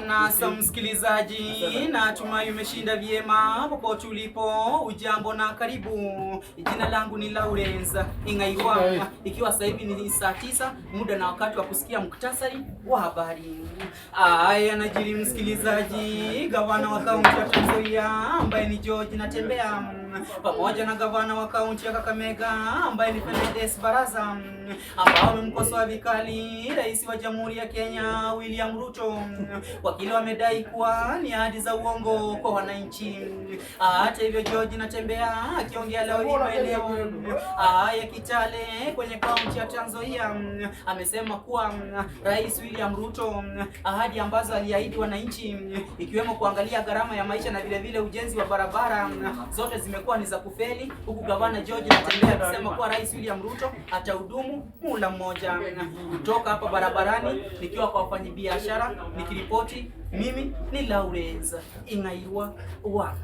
sana sa msikilizaji, tumai umeshinda vyema popote ulipo. Ujambo na karibu. Jina langu ni Lawrence Ingaiwa, ikiwa sasa hivi ni saa tisa, muda na wakati wa kusikia muktasari wa habari. Aya, najiri msikilizaji, gavana wa kaunti ya Trans Nzoia ambaye ni George Natembea mm, pamoja na gavana wa kaunti ya Kakamega ambaye ni Fernandes Baraza mm, ambao wamemkosoa vikali rais wa Jamhuri ya Kenya William Ruto kwa mm, kile wamedai kuwa ni ahadi za uongo kwa wananchi. Ah, hata hivyo, George Natembea akiongea leo hii maeneo ah, ya Kitale kwenye kaunti ya Trans Nzoia amesema kuwa Rais William Ruto ahadi ambazo aliahidi wananchi ikiwemo kuangalia gharama ya maisha na vilevile ujenzi ya barabara zote zimekuwa ni za kufeli, huku gavana George anatembea akisema kuwa Rais William Ruto atahudumu muhula mmoja. Kutoka hapa barabarani nikiwa kwa wafanyabiashara nikiripoti, mimi ni Lawrence Ingairwa wa